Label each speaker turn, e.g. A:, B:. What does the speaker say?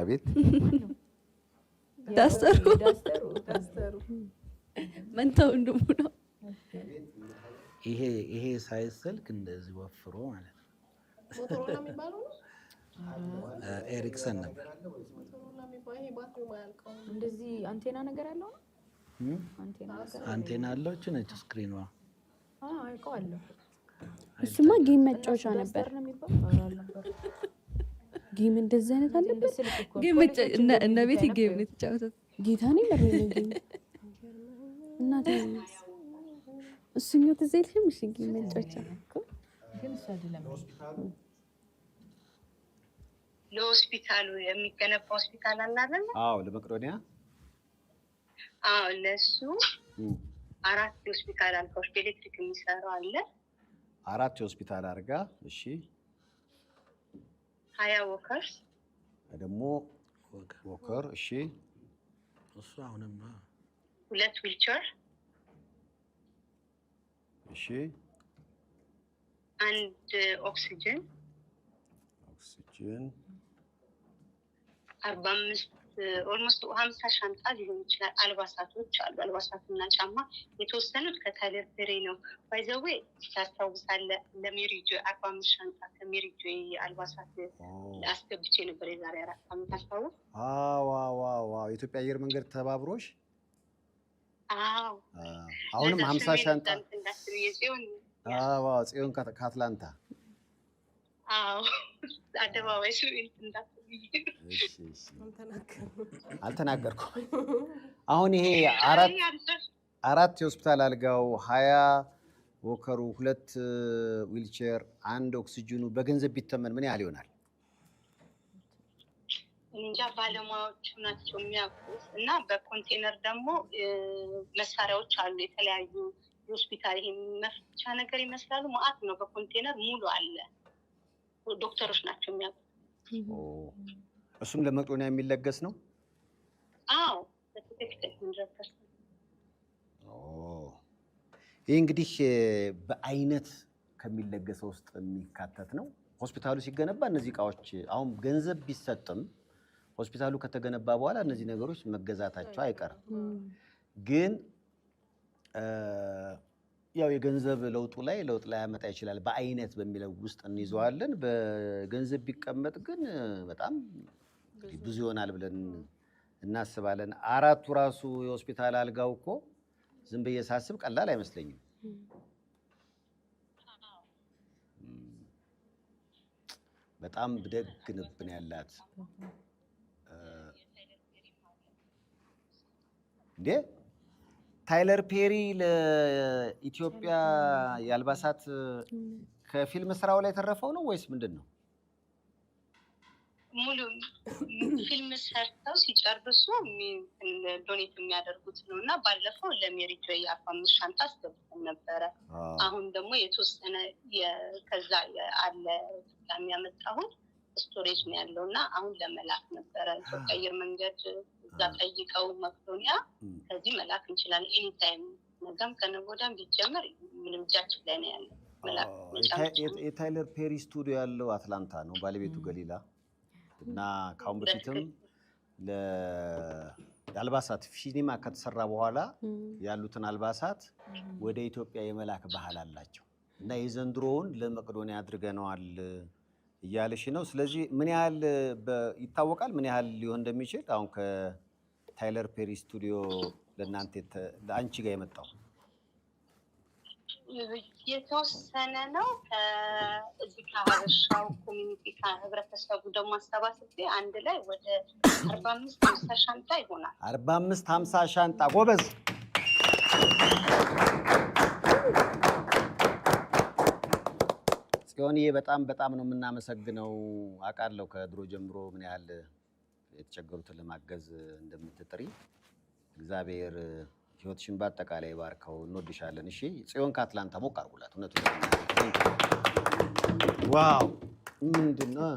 A: አቤት
B: ዳስተሩ መንታ ወንድሙ ነው።
A: ይሄ ይሄ ሳይዝ ስልክ እንደዚህ ወፍሮ ማለት ነው። ኤሪክሰን ነበር።
C: እንደዚህ አንቴና ነገር ያለው
A: አንቴና አለው። እች ነች ስክሪን
B: እሱማ ጌም መጫወቻ ነበር። ጌም እንደዚህ አይነት አለበት። ጌም እነ ቤት ጌም ነው የተጫወተው። ጌታ ነው መረ እና እሱኛው ትዝ አይልሽም? እሺ ጌም መጫወቻ
D: ለሆስፒታሉ የሚገነባ ሆስፒታል አለ አይደለ?
A: አዎ፣ ለመቅዶኒያ
D: አዎ፣ ለሱ አራት ሆስፒታል አልፋ ኦርቶፔዲክ የሚሰራ አለ
A: አራት ሆስፒታል አድርጋ እሺ
D: ሀያ ወከር
A: ደግሞ ወከር እሺ፣
E: እሱ አሁንም
D: ሁለት ዊልቸር እሺ፣ አንድ ኦክሲጅን
A: ኦክሲጅን አርባ አምስት ኦልሞስት ሀምሳ ሻንጣ ሊሆን ይችላል። አልባሳቶች አሉ። አልባሳትና ጫማ የተወሰኑት ከተለፍሬ ነው። ባይዘዌ ታስታውሳለ ለሜሪጆ አርባ አምስት ሻንጣ ከሜሪጆ አልባሳት አስገብቼ ነበር የዛሬ አራት አመት ታስታውስ? ዋዋዋ የኢትዮጵያ አየር መንገድ ተባብሮች አሁንም ሀምሳ ሻንጣ ጽዮን ከአትላንታ አደባባይ አልተናገርኩም። አሁን ይሄ አራት የሆስፒታል አልጋው ሀያ ወከሩ ሁለት ዊልቸር አንድ ኦክሲጅኑ በገንዘብ ቢተመን ምን ያህል ይሆናል? እንጃ ባለሙያዎች ናቸው የሚያውቁት። እና በኮንቴነር ደግሞ መሳሪያዎች አሉ የተለያዩ የሆስፒታል ይሄ መፍቻ ነገር ይመስላሉ። ማአት ነው። በኮንቴነር ሙሉ አለ ዶክተሮች ናቸው የሚያውቁት። እሱም ለመቄዶንያ የሚለገስ ነው። አዎ ይህ እንግዲህ በአይነት ከሚለገሰ ውስጥ የሚካተት ነው። ሆስፒታሉ ሲገነባ እነዚህ እቃዎች አሁን ገንዘብ ቢሰጥም ሆስፒታሉ ከተገነባ በኋላ እነዚህ ነገሮች መገዛታቸው አይቀርም ግን ያው የገንዘብ ለውጡ ላይ ለውጥ ላይ ያመጣ ይችላል። በአይነት በሚለው ውስጥ እንይዘዋለን። በገንዘብ ቢቀመጥ ግን በጣም ብዙ ይሆናል ብለን እናስባለን። አራቱ ራሱ የሆስፒታል አልጋው እኮ ዝም ብዬ ሳስብ ቀላል አይመስለኝም። በጣም ንብን ያላት እንዴ ታይለር ፔሪ ለኢትዮጵያ የአልባሳት ከፊልም ስራው ላይ ተረፈው ነው ወይስ ምንድን ነው? ሙሉ ፊልም ሰርተው ሲጨርሱ ዶኔት የሚያደርጉት ነው እና ባለፈው ለሜሪ ጆይ አርባ አምስት ሻንጣ አስገብተን ነበረ። አሁን ደግሞ የተወሰነ ከዛ አለ ያመጣሁን ስቶሬጅ ነው ያለው እና አሁን ለመላክ ነበረ ቀይር መንገድ እዛ ጠይቀው መክዶኒያ ከዚህ መላክ እንችላለን። ኤኒታይም ነገም ከነገ ቢጀመር ምንም እጃችን ላይ ነው ያለው። የታይለር ፔሪ ስቱዲዮ ያለው አትላንታ ነው ባለቤቱ ገሊላ እና ከአሁን በፊትም ለአልባሳት ሲኒማ ከተሰራ በኋላ ያሉትን አልባሳት ወደ ኢትዮጵያ የመላክ ባህል አላቸው እና የዘንድሮውን ለመቅዶኒያ አድርገነዋል። እያለሽ ነው። ስለዚህ ምን ያህል ይታወቃል፣ ምን ያህል ሊሆን እንደሚችል አሁን ከታይለር ፔሪ ስቱዲዮ ለእናንተ ለአንቺ ጋር የመጣው የተወሰነ ነው። እዚህ ከሀበሻው ኮሚኒቲ ከህብረተሰቡ ደግሞ አሰባስቤ አንድ ላይ ወደ አርባ አምስት ሀምሳ ሻንጣ ይሆናል። አርባ አምስት ሀምሳ ሻንጣ ጎበዝ ጽዮንዬ በጣም በጣም ነው የምናመሰግነው። አውቃለሁ ከድሮ ጀምሮ ምን ያህል የተቸገሩትን ለማገዝ እንደምትጥሪ። እግዚአብሔር ህይወትሽን በአጠቃላይ ባርከው። እንወድሻለን። እሺ ጽዮን ከአትላንታ ሞቅ አድርጉላት። እውነቱ ዋው ምንድን ነው